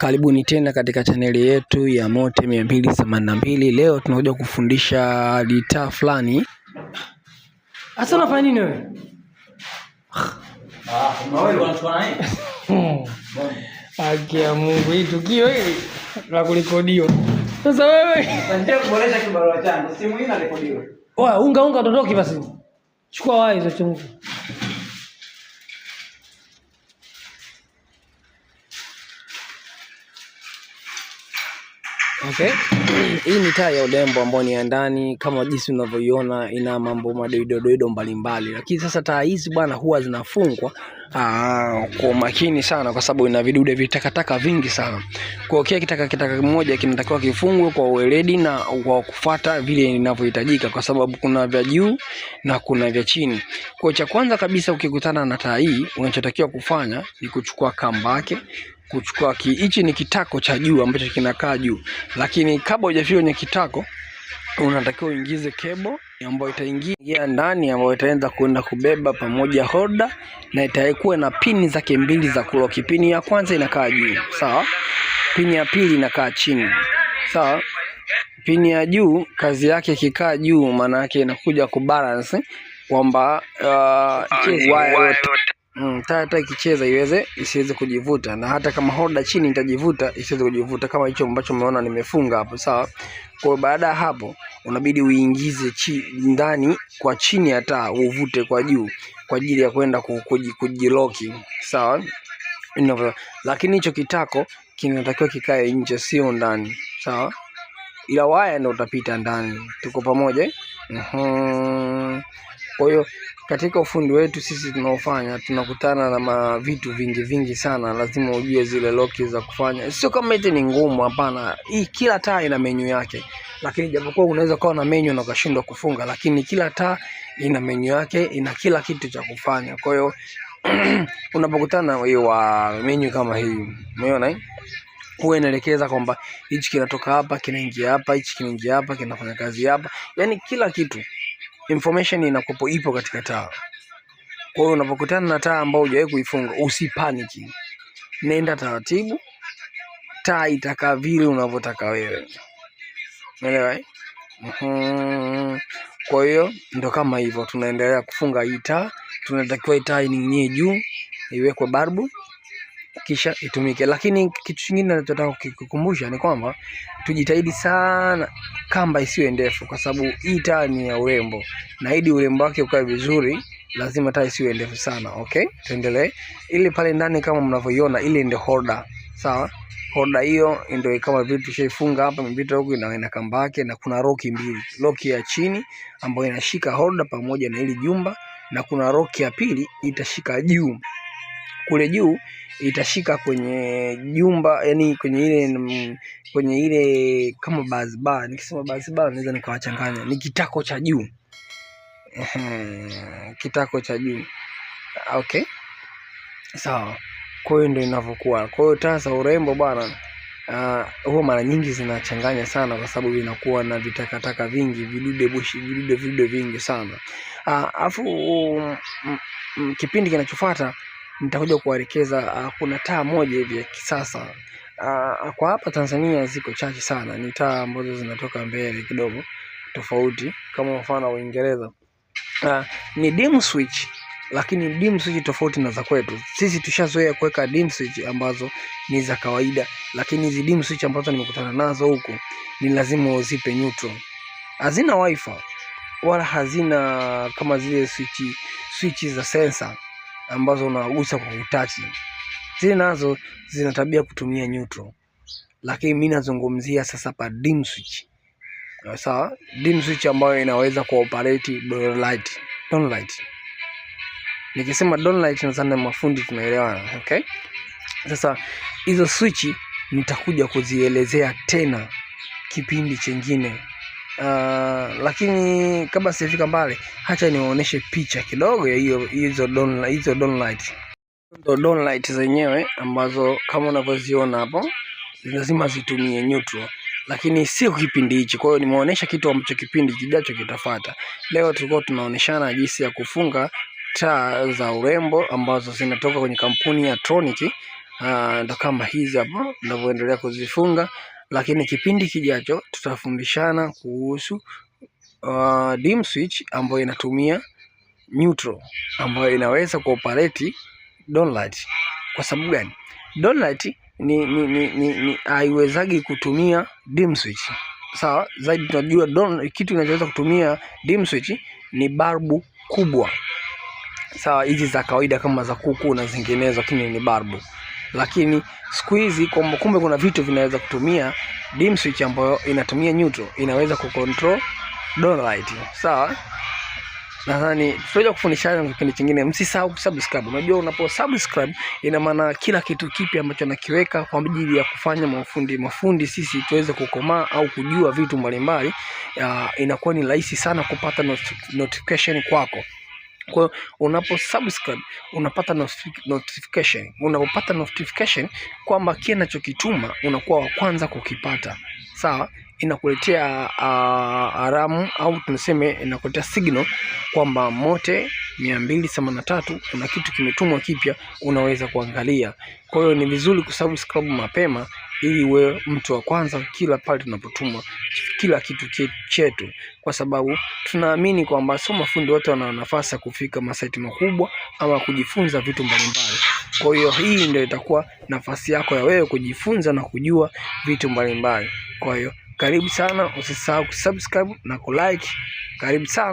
Karibuni tena katika chaneli yetu ya Mote 282. Leo tunakuja kufundisha lita fulani. Asa unafanya nini wewe? Ah, Haki ya Mungu, hii tukio hili la kurekodiwa. Sasa wewe unga unga, totoki basi, chukua waya hizo chungu Okay. Hii ni taa ya urembo ambayo ni ya ndani kama jinsi unavyoiona, ina mambo madoidodoido mbalimbali, lakini sasa taa hizi bwana huwa zinafungwa kwa makini sana, kwa sababu ina vidude vitakataka vingi sana. Kwa kila kitaka kitaka kimoja kinatakiwa kifungwe kwa uweledi na kwa kufuata vile inavyohitajika, kwa sababu kuna vya juu na kuna vya chini. Kwa cha kwanza kabisa, ukikutana na taa hii, unachotakiwa kufanya ni kuchukua kamba yake kuchukua hichi ni kitako cha juu ambacho kinakaa juu, lakini kabla hujafika kwenye kitako unatakiwa uingize kebo ambayo itaingia ndani ambayo itaanza kwenda kubeba pamoja holder, na itakuwa na pini zake mbili za kuloki. Pini ya kwanza inakaa juu, sawa. Pini ya pili inakaa chini, sawa. Pini ya juu kazi yake ikikaa juu, maana yake inakuja kubalance kwamba uh, ah, waya yote Mm, taa hata ikicheza iweze isiweze kujivuta, na hata kama holder chini itajivuta isiweze kujivuta, kama hicho ambacho umeona nimefunga hapo, sawa. Kwa hiyo baada ya hapo unabidi uingize chi, ndani kwa chini ya taa uvute kwa juu kwa ajili ya kwenda kujiloki, sawa. Lakini hicho kitako kinatakiwa kikae nje, sio ndani, sawa, ila waya ndio utapita ndani. Tuko pamoja? Mhm. Kwa hiyo katika ufundi wetu sisi tunaofanya tunakutana na mavitu vingi vingi sana, lazima ujue zile loki za kufanya. Sio kama eti ni ngumu, hapana. Hii kila taa ina menyu yake, lakini japokuwa unaweza kuwa na menyu na ukashindwa kufunga, lakini kila taa ina menyu yake, ina kila kitu cha kufanya. Kwa hiyo unapokutana hiyo wa menyu kama hii, umeona hii eh? huwa inaelekeza kwamba hichi kinatoka hapa, kinaingia hapa, hichi kinaingia hapa, kinafanya kazi hapa, yani kila kitu information inakopo ipo katika taa. Kwa hiyo unapokutana na taa ambayo hujawahi kuifunga, usipaniki, nenda taratibu, taa itakaa vile unavyotaka wewe, unaelewa eh? Mhm. Kwa hiyo ndo kama hivyo, tunaendelea kufunga hii taa, tunatakiwa hii taa ining'inie juu, iwekwe barbu kisha itumike. Lakini kitu kingine nachotaka kukukumbusha ni kwamba tujitahidi sana kamba isiwe ndefu, kwa sababu hii taa ni ya urembo, na ili urembo wake ukae vizuri lazima taa isiwe ndefu sana. Okay, tuendelee. Ili pale ndani kama mnavyoiona, ile ndio holder, sawa Honda hiyo ndio kama vile tushaifunga hapa, imepita huku ina, ina kamba yake, na kuna roki mbili, roki ya chini ambayo inashika Honda pamoja na ili jumba, na kuna roki ya pili itashika juu kule juu itashika kwenye jumba yani kwenye ile kwenye ile kama bazbar, nikisema bazbar naweza nikawachanganya, ni kitako cha juu kitako cha juu okay, sawa. Kwa hiyo ndio inavyokuwa. Kwa hiyo taa za urembo bwana Uh, huwa mara nyingi zinachanganya sana kwa sababu vinakuwa na vitakataka vingi, vidude bushi, vidude vidude vingi sana. Uh, afu um, um, kipindi kinachofuata nitakuja kuwaelekeza. uh, Kuna taa moja hivi ya kisasa uh, kwa hapa Tanzania, ziko chache sana, ni taa ambazo zinatoka mbele kidogo, tofauti kama mfano Uingereza. uh, Ni dim switch lakini dim switch tofauti na za kwetu sisi, tushazoea kuweka dim switch ambazo ni za kawaida, lakini hizi dim switch ambazo nimekutana nazo huku ni lazima uzipe neutral. Hazina wifi wala hazina kama zile switch, switch za sensor ambazo unagusa kwa utachi, zile nazo zina tabia kutumia nyuto, lakini mimi nazungumzia sasa pa dim switch. Sawa, dim switch ambayo inaweza kuoperate down light. Down light. Nikisema down light nadhani mafundi tunaelewana, okay? Sasa hizo switch nitakuja kuzielezea tena kipindi chengine. Uh, lakini kabla sijafika mbali, hacha niwaoneshe picha kidogo ya hiyo hizo down hizo downlight, ndo downlight zenyewe ambazo kama unavyoziona hapo lazima zitumie neutral, lakini sio kipindi hichi. Kwa hiyo nimeonesha kitu ambacho kipindi kijacho kitafata. Leo tulikuwa tunaoneshana jinsi ya kufunga taa za urembo ambazo zinatoka kwenye kampuni ya Tronic. Ah, ndo kama hizi hapo unavyoendelea kuzifunga lakini kipindi kijacho tutafundishana kuhusu uh, dim switch ambayo inatumia neutral ambayo inaweza kuoperate down Kwa sababu gani? Down ni, ni, ni, ni, ni haiwezagi kutumia dim switch. Sawa, zaidi tunajua don, kitu kinachoweza kutumia dim switch ni barbu kubwa, sawa, hizi za kawaida kama za kuku na zinginezo, lakini ni barbu lakini siku hizi kumbe kuna vitu vinaweza kutumia dim switch ambayo inatumia neutral, inaweza kucontrol down light. Sawa, nadhani tutakuja kufundishana na kipindi kingine. Msisahau kusubscribe. Unajua, unapo subscribe ina maana kila kitu kipya ambacho nakiweka kwa ajili ya kufanya mafundi mafundi sisi tuweze kukomaa au kujua vitu mbalimbali, inakuwa ni rahisi sana kupata not notification kwako. Kwa unapo subscribe unapata notification. Unapopata notification kwamba kile nachokituma unakuwa wa kwanza kukipata, sawa. Inakuletea uh, aramu au tunaseme inakuletea signal kwamba Mote mia mbili na tatu kuna kitu kimetumwa kipya, unaweza kuangalia. Kwa hiyo ni vizuri kusubscribe mapema ili wewe mtu wa kwanza kila pale tunapotumwa kila kitu chetu, kwa sababu tunaamini kwamba sio mafundi wote wana nafasi ya kufika masaiti makubwa ama kujifunza vitu mbalimbali. Kwa hiyo hii ndio itakuwa nafasi yako ya wewe kujifunza na kujua vitu mbalimbali. Kwa hiyo karibu sana, usisahau kusubscribe na kulike. Karibu sana.